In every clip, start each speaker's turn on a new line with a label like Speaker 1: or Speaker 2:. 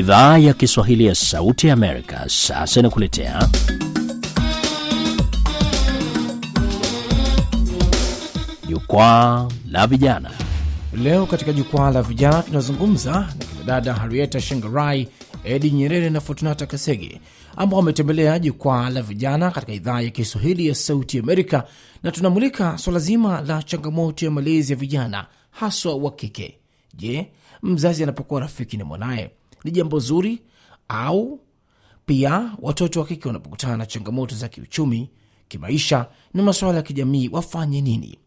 Speaker 1: Idhaa ya Kiswahili ya Sauti ya Amerika sasa inakuletea Jukwaa la Vijana. Leo katika Jukwaa la Vijana tunazungumza na kinadada Harieta Shengerai, Edi Nyerere na Fortunata Kasege ambao wametembelea Jukwaa la Vijana katika Idhaa ya Kiswahili ya Sauti Amerika, na tunamulika swala zima la changamoto ya malezi ya vijana haswa wa kike. Je, mzazi anapokuwa rafiki na mwanaye ni jambo zuri au pia watoto wa kike wanapokutana na changamoto za kiuchumi, kimaisha na masuala ya kijamii wafanye nini?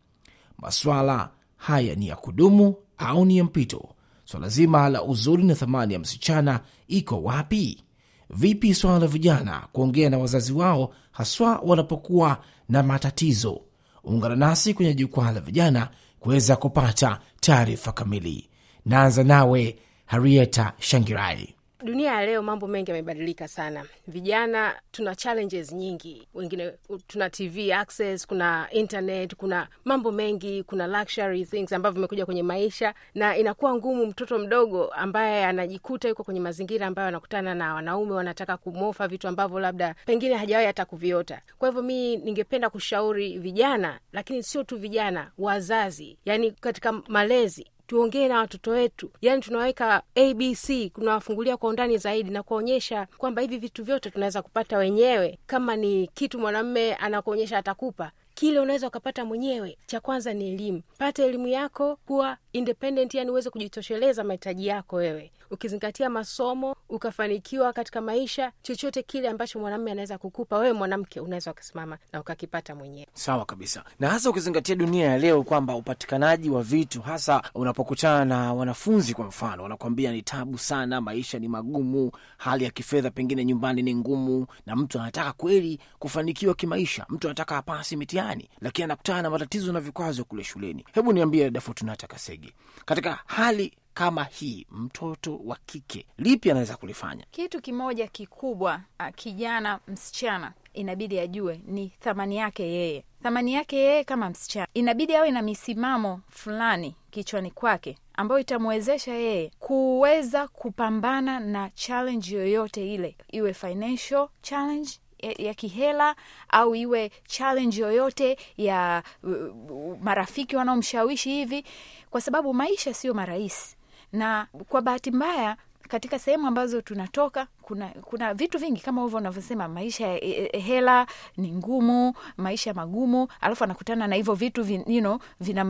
Speaker 1: maswala haya ni ya kudumu au ni ya mpito? Swala so zima la uzuri na thamani ya msichana iko wapi? Vipi swala la vijana kuongea na wazazi wao, haswa wanapokuwa na matatizo? Ungana nasi kwenye jukwaa la vijana kuweza kupata taarifa kamili. Naanza nawe harieta Shangirai.
Speaker 2: Dunia ya leo mambo mengi yamebadilika sana. Vijana tuna challenges nyingi, wengine tuna TV access, kuna internet, kuna mambo mengi, kuna luxury things ambavyo vimekuja kwenye maisha, na inakuwa ngumu mtoto mdogo ambaye anajikuta yuko kwenye mazingira ambayo anakutana na wanaume wanataka kumofa vitu ambavyo labda pengine hajawai hata kuviota. Kwa hivyo mi ningependa kushauri vijana, lakini sio tu vijana, wazazi, yani katika malezi tuongee na watoto wetu, yani tunaweka ABC, kunawafungulia kwa undani zaidi na kuwaonyesha kwamba hivi vitu vyote tunaweza kupata wenyewe. Kama ni kitu mwanamme anakuonyesha atakupa kile unaweza ukapata mwenyewe. Cha kwanza ni elimu, pata elimu yako, kuwa independent, yani uweze kujitosheleza mahitaji yako wewe ukizingatia masomo ukafanikiwa katika maisha, chochote kile ambacho mwanaume anaweza kukupa wewe, mwanamke unaweza ukasimama na ukakipata mwenyewe.
Speaker 1: Sawa kabisa, na hasa ukizingatia dunia ya leo kwamba upatikanaji wa vitu, hasa unapokutana na wanafunzi kwa mfano, wanakuambia ni tabu sana, maisha ni magumu, hali ya kifedha pengine nyumbani ni ngumu, na mtu anataka kweli kufanikiwa kimaisha, mtu anataka apasi mitihani, lakini anakutana na matatizo na vikwazo kule shuleni. Hebu niambie dafotunata Fortunata Kasege, katika hali kama hii mtoto wa kike, lipi anaweza kulifanya?
Speaker 3: Kitu kimoja kikubwa, ah, kijana msichana inabidi ajue ni thamani yake yeye, thamani yake yeye kama msichana. Inabidi awe na misimamo fulani kichwani kwake ambayo itamwezesha yeye kuweza kupambana na challenge yoyote ile, iwe financial challenge ya kihela au iwe challenge yoyote ya uh, marafiki wanaomshawishi hivi, kwa sababu maisha siyo marahisi na kwa bahati mbaya katika sehemu ambazo tunatoka kuna, kuna vitu vingi kama hivyo unavyosema, maisha ya e, e, hela ni ngumu, maisha magumu, alafu anakutana na hivyo vitu vin, you know, vina,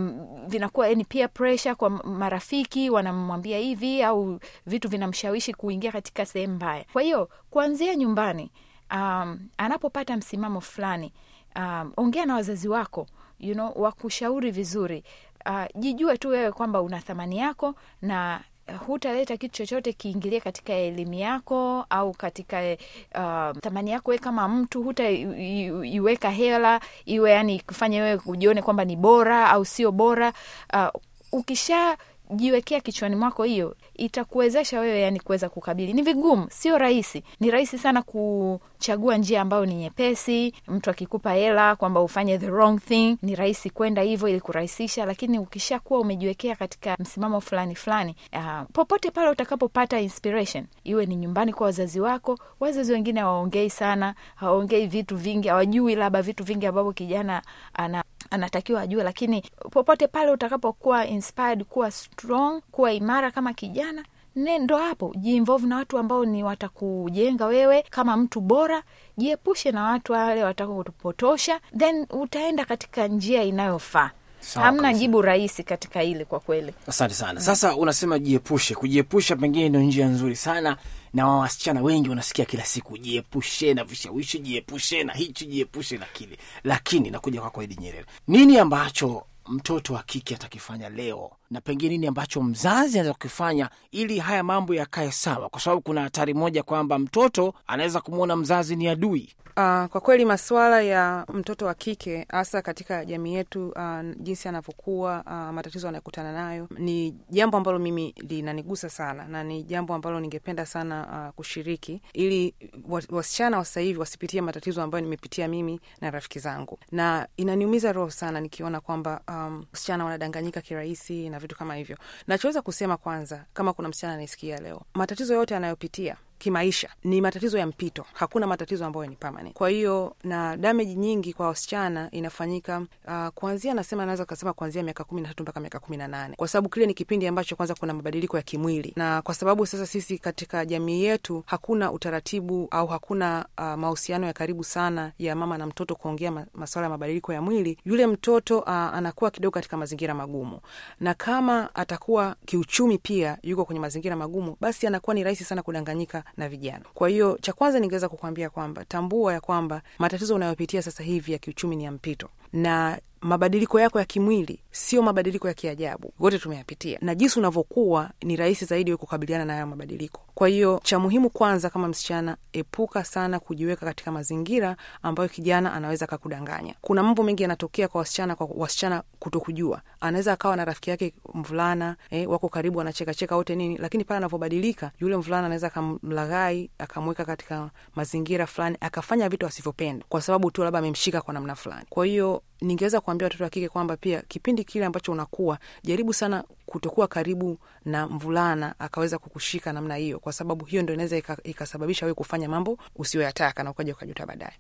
Speaker 3: vinakuwa yani pia pressure kwa marafiki wanamwambia hivi au vitu vinamshawishi kuingia katika sehemu mbaya. Kwa hiyo kuanzia nyumbani, um, anapopata msimamo fulani, um, ongea na wazazi wako you know, wakushauri vizuri Uh, jijue tu wewe kwamba una thamani yako na hutaleta kitu chochote kiingilie katika elimu yako au katika uh, thamani yako we kama mtu, hutaiweka hela iwe yani kufanya wewe ujione kwamba ni bora au sio bora. Uh, ukisha jiwekea kichwani mwako hiyo itakuwezesha wewe yani kuweza kukabili. Ni vigumu, sio rahisi. Ni rahisi sana kuchagua njia ambayo ni nyepesi, mtu akikupa hela kwamba ufanye the wrong thing, ni rahisi kwenda hivyo ili kurahisisha, lakini ukishakuwa umejiwekea katika msimamo fulani fulani, uh, popote pale utakapopata inspiration, iwe ni nyumbani kwa wazazi wako. Wazazi wengine hawaongei sana, hawaongei vitu vingi, hawajui labda vitu vingi ambavyo kijana ana anatakiwa ajue, lakini popote pale utakapokuwa inspired kuwa strong, kuwa imara kama kijana nendo ndo hapo jiinvolve na watu ambao ni watakujenga wewe kama mtu bora. Jiepushe na watu wale kutupotosha then utaenda katika njia inayofaa hamna jibu rahisi katika hili kwa kweli.
Speaker 1: Asante sana. Sasa unasema jiepushe, kujiepusha pengine ndio njia nzuri sana, na wasichana wengi wanasikia kila siku, jiepushe na vishawishi, jiepushe na hichi, jiepushe na kile. Lakini nakuja kwako Edi Nyerere, nini ambacho mtoto wa kike atakifanya leo na pengine nini ambacho mzazi anaweza kukifanya ili haya mambo yakae sawa, kwa sababu kuna hatari moja kwamba mtoto anaweza kumwona mzazi ni adui.
Speaker 4: Uh, kwa kweli masuala ya mtoto wa kike hasa katika jamii yetu uh, jinsi anavyokuwa uh, matatizo anayokutana nayo ni jambo ambalo mimi linanigusa sana na ni jambo ambalo ningependa sana uh, kushiriki ili wasichana wa sasahivi hivi wasipitie matatizo ambayo nimepitia mimi na rafiki zangu, na inaniumiza roho sana nikiona kwamba uh, um, wanadanganyika kirahisi na vitu kama hivyo. Nachoweza kusema kwanza, kama kuna msichana anaisikia leo, matatizo yote anayopitia kimaisha ni matatizo ya mpito. Hakuna matatizo ambayo ni permanent. Kwa hiyo na damage nyingi kwa wasichana inafanyika uh, kuanzia nasema, naweza kasema kuanzia miaka kumi na tatu mpaka miaka kumi na nane kwa sababu kile ni kipindi ambacho kwanza kuna mabadiliko ya kimwili, na kwa sababu sasa sisi katika jamii yetu hakuna utaratibu au hakuna uh, mahusiano ya karibu sana ya mama na mtoto kuongea ma, masuala ya mabadiliko ya mwili, yule mtoto uh, anakuwa kidogo katika mazingira magumu, na kama atakuwa kiuchumi pia yuko kwenye mazingira magumu, basi anakuwa ni rahisi sana kudanganyika na vijana. Kwa hiyo cha kwanza ningeweza kukwambia kwamba tambua ya kwamba matatizo unayopitia sasa hivi ya kiuchumi ni ya mpito na mabadiliko yako ya kimwili sio mabadiliko ya kiajabu, wote tumeyapitia, na jinsi unavyokuwa ni rahisi zaidi we kukabiliana na hayo mabadiliko. Kwa hiyo cha muhimu kwanza, kama msichana, epuka sana kujiweka katika mazingira ambayo kijana anaweza kakudanganya. Kuna mambo mengi yanatokea kwa wasichana, kwa wasichana kutokujua. Anaweza akawa na rafiki yake mvulana eh, wako karibu, anachekacheka wote nini, lakini pale anavyobadilika yule mvulana anaweza akamlaghai, akamweka katika mazingira fulani, akafanya vitu asivyopenda kwa sababu tu labda amemshika kwa namna fulani. Kwa hiyo ningeweza kuambia watoto wa kike kwamba pia kipindi kile ambacho unakuwa, jaribu sana kutokuwa karibu na mvulana akaweza kukushika namna hiyo, kwa sababu hiyo ndo inaweza ikasababisha ika we kufanya mambo usiyoyataka na ukaja ukajuta baadaye.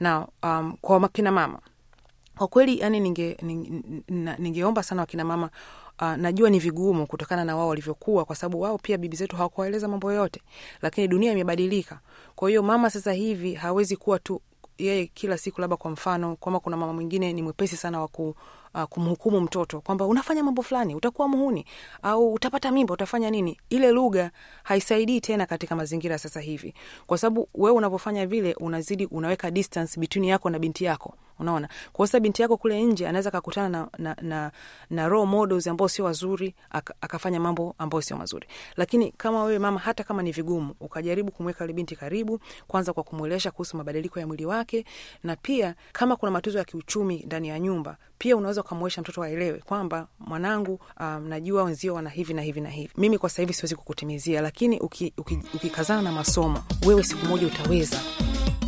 Speaker 4: Na um, kwa kina mama kwa kweli yani ninge, ninge, ningeomba sana wakina mama Uh, najua ni vigumu kutokana na wao walivyokuwa, kwa sababu wao pia bibi zetu hawakuwaeleza mambo yote, lakini dunia imebadilika. Kwa hiyo mama sasa hivi hawezi kuwa tu yeye kila siku, labda kwa mfano kwamba kuna mama mwingine ni mwepesi sana wa ku Uh, kumhukumu mtoto kwamba unafanya mambo fulani utakuwa muhuni au utapata mimba utafanya nini. Ile lugha haisaidii tena katika mazingira sasa hivi, kwa sababu wewe unapofanya vile unazidi unaweka distance between yako na binti yako unaona. Kwa sababu binti yako kule nje anaweza kakutana na, na, na, na role models ambao sio wazuri ak, akafanya mambo ambayo sio mazuri, lakini kama wewe mama, hata kama ni vigumu, ukajaribu kumweka yule binti karibu, kwanza kwa kumuelesha kuhusu mabadiliko ya mwili wake, na pia kama kuna matatizo ya kiuchumi ndani ya nyumba, pia unaweza ukamwelesha mtoto aelewe kwamba mwanangu, um, najua wenzio wana hivi na hivi na hivi, mimi kwa sasa hivi siwezi kukutimizia, lakini ukikazana uki, uki na masomo, wewe siku moja utaweza.